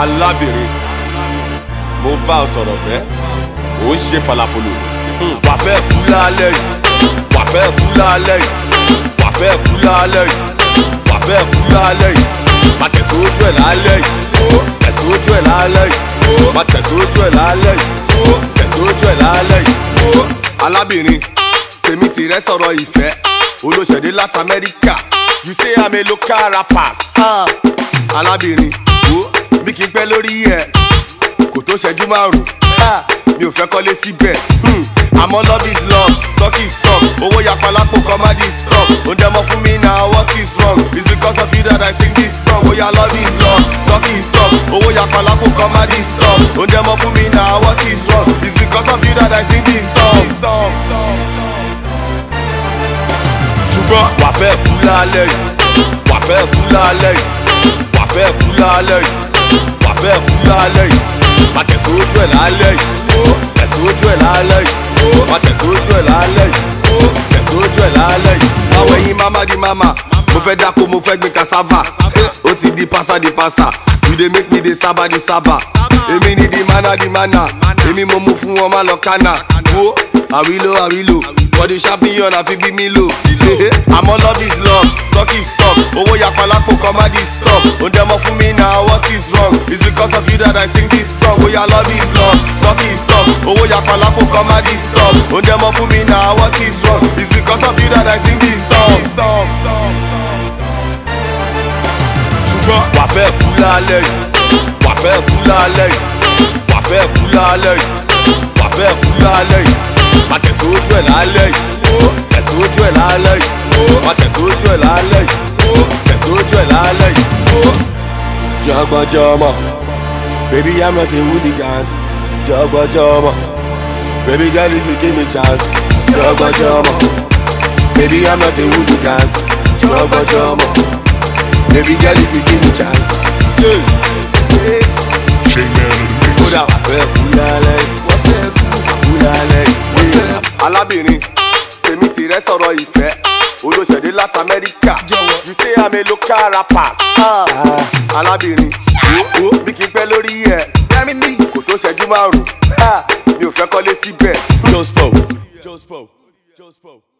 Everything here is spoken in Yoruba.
alábìrin mo bá ọ sọ̀rọ̀ fẹ́ ò ń ṣe falafolo hmm, wà fẹ́ kú lálẹ́ yìí wà fẹ́ kú lálẹ́ yìí wà fẹ́ kú lálẹ́ yìí wà fẹ́ kú lálẹ́ yìí má tẹ̀sí ojú ẹ̀ lálẹ́ yìí tẹ̀sí ojú ẹ̀ lálẹ́ yìí má tẹ̀sí ojú ẹ̀ lálẹ́ yìí tẹ̀sí ojú ẹ̀ lálẹ́ yìí alábìrin tèmi tìrẹ sọ̀rọ̀ ìfẹ́ olóṣèdè láti amẹ́ríkà you say i'm a local rapper ah, alábìrin. Uh bí kì í pẹ́ lórí ẹ̀ kò tó ṣẹ́jú márùn mi ò fẹ́ kọ́lé síbẹ̀ hmm. àmọ́ love is love talk is talk owó yapa lápò kan má dis talk ó dẹ́ mọ́ fún mi na what is wrong it's because of you that I sing this song ó love is love talk is talk owó yapa lápò kan má dis talk ó dẹ́ mọ́ fún mi na what is wrong it's because of you that I sing this song. ṣùgbọ́n wà fẹ́ kú lálẹ́ yìí wà fẹ́ kú lálẹ́ yìí wà fẹ́ kú lálẹ́ yìí fẹ́ kú lálẹ́ yìí má tẹ̀sán ojú ẹ̀ lálẹ́ yìí tẹ̀sán ojú ẹ̀ lálẹ́ yìí má ojú ẹ̀ lálẹ́ yìí tẹ̀sán ojú ẹ̀ lálẹ́ yìí àwọn ẹ̀yin mama di mama mo fẹ́ dáko mo fẹ́ gbin cassava ó ti di pasa di pasa you dey make me dey saba di saba èmi ni di mana di mana èmi mo mú fún wọn má lọ kánà wo àwílò àwílò for the champion àfi bí mi lò àmọ́ love is love talk is talk owó yapa lápò kọ́ má di Oh, demo for me now, what is wrong? It's because of you that I sing this song. Oh, yeah, love is love, talk is talk. Oh, oh yeah, palapo, come at this talk. Oh, demo for me now, what is wrong? It's because of you that I sing this song. This song. ṣùgbọ́n wà fẹ́ kú lálẹ́ yìí wà fẹ́ kú lálẹ́ yìí wà fẹ́ kú lálẹ́ yìí wà fẹ́ kú lálẹ́ yìí má ojú ẹ̀ lálẹ́ yìí tẹ̀sí ojú ẹ̀ lálẹ́ yìí má ojú ẹ̀ lálẹ́ yìí. Jogbo Jomo. Baby, I'm not a hooligans. Jogbo Jomo. Baby girl, if you give me chance. Jogbo Jomo. Baby, I'm not a hooligans. Jogbo Jomo. Baby girl, if you give me chance. Yeah. Yeah. Kódà wà fẹ́ kúlálẹ̀, wà fẹ́ kúlálẹ̀, alábìnrin, tèmi tìrẹ sọ̀rọ̀ ìfẹ́ olóṣèdè láti amẹ́ríkà you say i'm a local rapper ah. alábìrin bí kì í pẹ́ lórí ẹ̀ kò tó ṣẹ́jú márùn-ún ah. mi ò fẹ́ kọ́lé síbẹ̀. just pop. just pop. just pop.